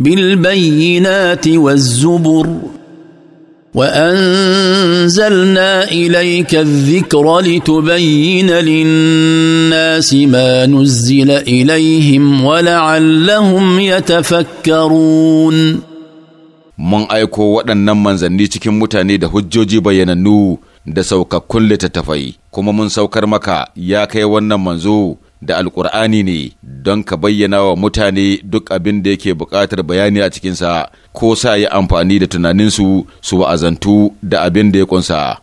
بالبينات والزبر وانزلنا اليك الذكر لتبين للناس ما نزل اليهم ولعلهم يتفكرون mun aiko waɗannan manzanni cikin mutane da hujjoji bayyanannu da saukakkun littattafai kuma mun saukar maka ya kai wannan manzo da alƙur'ani ne don ka bayyana wa mutane duk abin da yake buƙatar bayani a cikinsa ko sa yi amfani da tunaninsu su wa'azantu da abin da ya kunsa.